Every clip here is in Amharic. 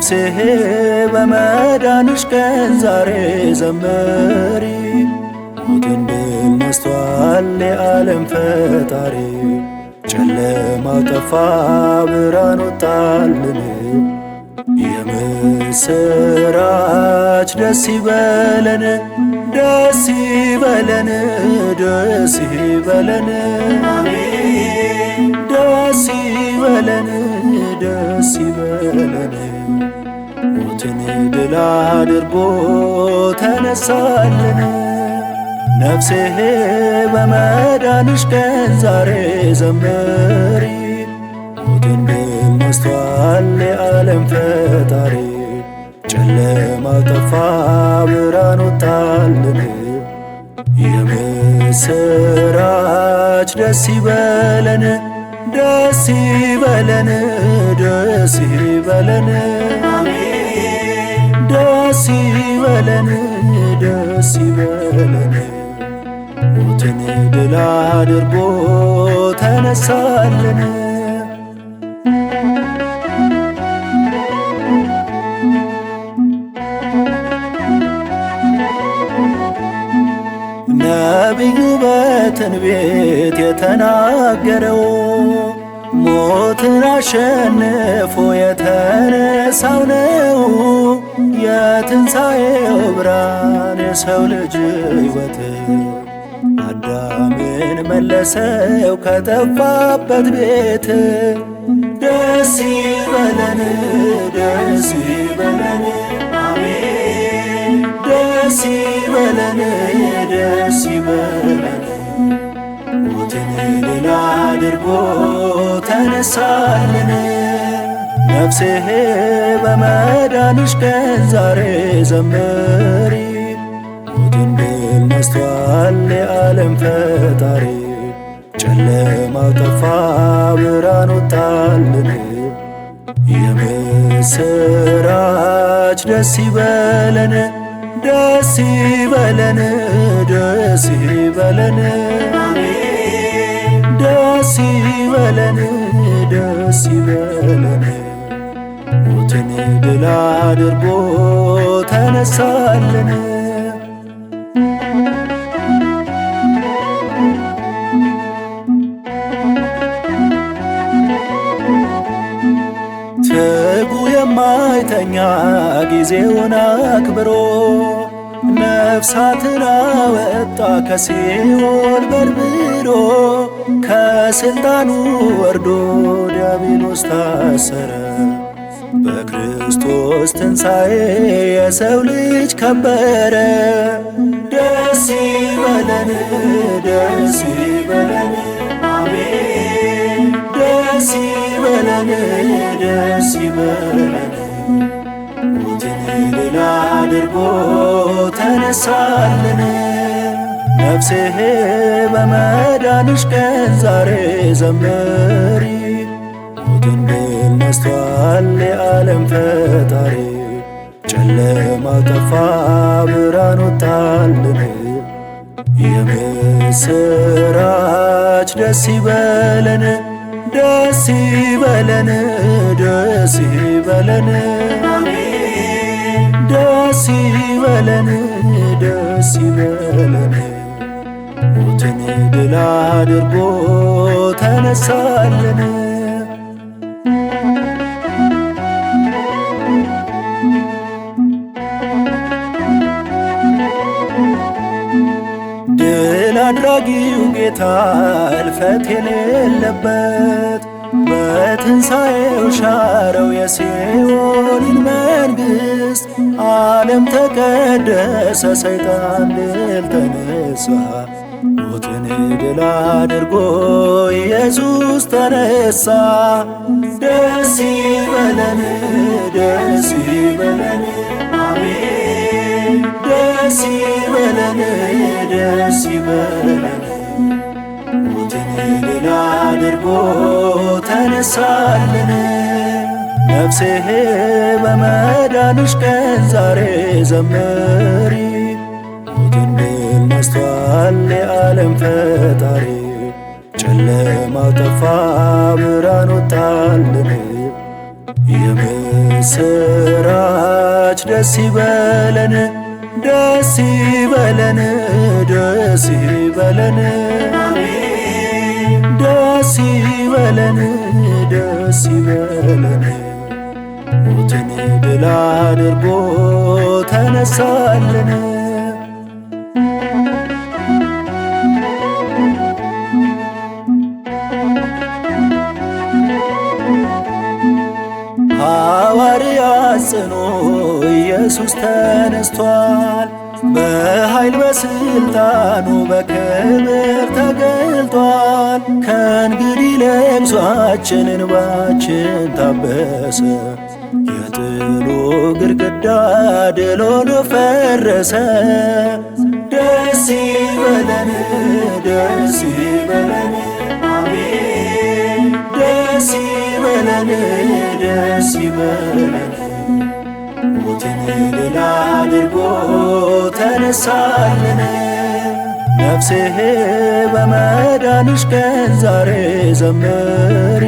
ነፍስህ በመዳንሽ ቀን ዛሬ ዘመሪ ሞትን ድል ነስቷል የዓለም ፈጣሪ ጨለማ ጠፋ ብርሃን ወጣልን የምስራች ደስ ይበለን ደስ ይበለን ደስ ይበለን ደስ ይበለን ደስ ይበለን ሞትን ድል አድርጎ ተነሳልን። ነፍሴ በመዳንሽ ቀን ዛሬ ዘምሪ፣ ሞትን ድል ነስቷል የዓለም ፈጣሪ። ጨለማ ጠፋ ብርሃን ወጣልን፣ የምስራች ደስ ይበለን። ደስ ይበለን ደስ ይበለን ደስ ይበለን ደስ ይበለን ሞትን ድል አድርጎ ተነሳልን ነቢዩ በትንቢት የተናገረው ሞትን አሸንፎ የተነሳው ነው የትንሣኤው ብርሃን የሰው ልጅ ሕይወት አዳምን መለሰው ከጠፋበት ቤት ደስ ይበለን ደስ ድል አድርጎ ተነሳልን። ነፍስህ በመዳንሽ ቀን ዛሬ ዘምሪ፣ ሞትን ድል ነስቷል የዓለም ፈጣሪ። ጨለማው ጠፋ ብርሃን ወጣልን። የምስራች ደስ ይበለን ደስ ይበለን ደስ ይበለን ደስ ይበለን ደስ ይበለን ሞትን ድል አድርጎ ተነሳልን። ትጉ የማይተኛ ጊዜውን አክብሮ ነፍሳትን አወጣ ከሲኦል በርብሮ ከስልጣኑ ወርዶ ዲያብሎስ ታሰረ። በክርስቶስ ትንሣኤ የሰው ልጅ ከበረ። ደስ ይበለን፣ ደስ ይበለን፣ አሜን። ደስ ይበለን፣ ደስ ይበለን፣ ሞትን ድል አድርጎ ተነሳልን። ነፍስህ በመዳንሽ ቀን ዛሬ ዘምሪ፣ ሞትን ድል ነስቷል የዓለም ፈጣሪ። ጨለማ ጠፋ ብርሃን ወጣልን፣ የምስራች ደስ ይበለን፣ ደስ ይበለን፣ ደስ ይበለን፣ ደስ ይበለን፣ ደስ ይበለን ሞትን ድል አድርጎ ተነሳልን። ድል አድራጊው ጌታ እልፈት የሌለበት በትንሣኤው ሻረው የሲኦልን መንግሥት። ዓለም ተቀደሰ፣ ሰይጣን ድል ተነሳ። ሞትን ድል አድርጎ ኢየሱስ ተነሳ። ደስ ይበለን፣ ደስ ይበለን፣ አሜን። ደስ ይበለን፣ ደስ ይበለን፣ ሞትን ድል አድርጎ ተነሳልን። ነፍሴ በመዳንሽ ቀን ዛሬ ዘምሪ ተነስቷል የዓለም ፈጣሪ ጨለማው ጠፋ ብርሃን ወጣልን የምስራች ደስ ይበለን ደስ ይበለን ደስ ይበለን ደስ ይበለን ደስ ይበለን ሞትን ድል አድርጎ ተነሳልን ኢየሱስ ተነስቷል፣ በኃይል በስልጣኑ በክብር ተገልጧል። ከእንግዲህ ልቅሷችን እንባችን ታበሰ፣ የጥሉ ግድግዳ ድል ሆኖ ፈረሰ። ደስ ይበለን፣ ደስ ይበለን፣ አሜን። ደስ ይበለን፣ ደስ ይበለን ጌታችንን ድል አድርጎ ተነሳልን። ነፍስህ በመዳንሽ ቀን ዛሬ ዘምሪ፣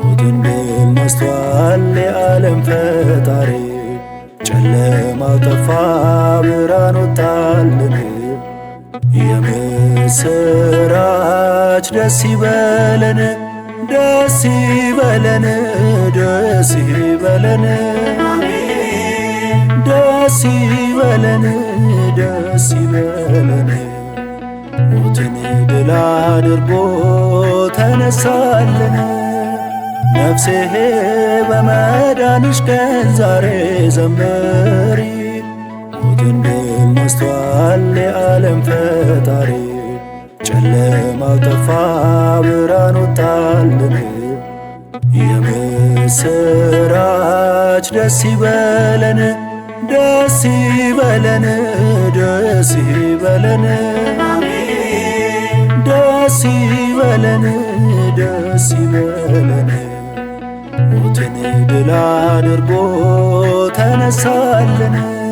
ሞትን ድል ነስቷል የዓለም ፈጣሪ። ጨለማው ጠፋ ብርሃን ወጣልን። የምስራች ደስ ይበለን ደስ ይበለን ደስ ይበለን ደስ ይበለን ደስ ይበለን ሞትን ድል አድርጎ ተነሳልን ነፍሴሄ በመዳንሽ ቀን ዛሬ ዘመሪ ሞትን ድል ነስቷል የዓለም ፈጣሪ ጨለማው ጠፋ ብርሃን ወጣልን የምስራች ደስ ይበለን ደስ ይበለን ደስ ይበለን ደስ ይበለን ደስ ይበለን ሞትን ድል አድርጎ ተነሳልን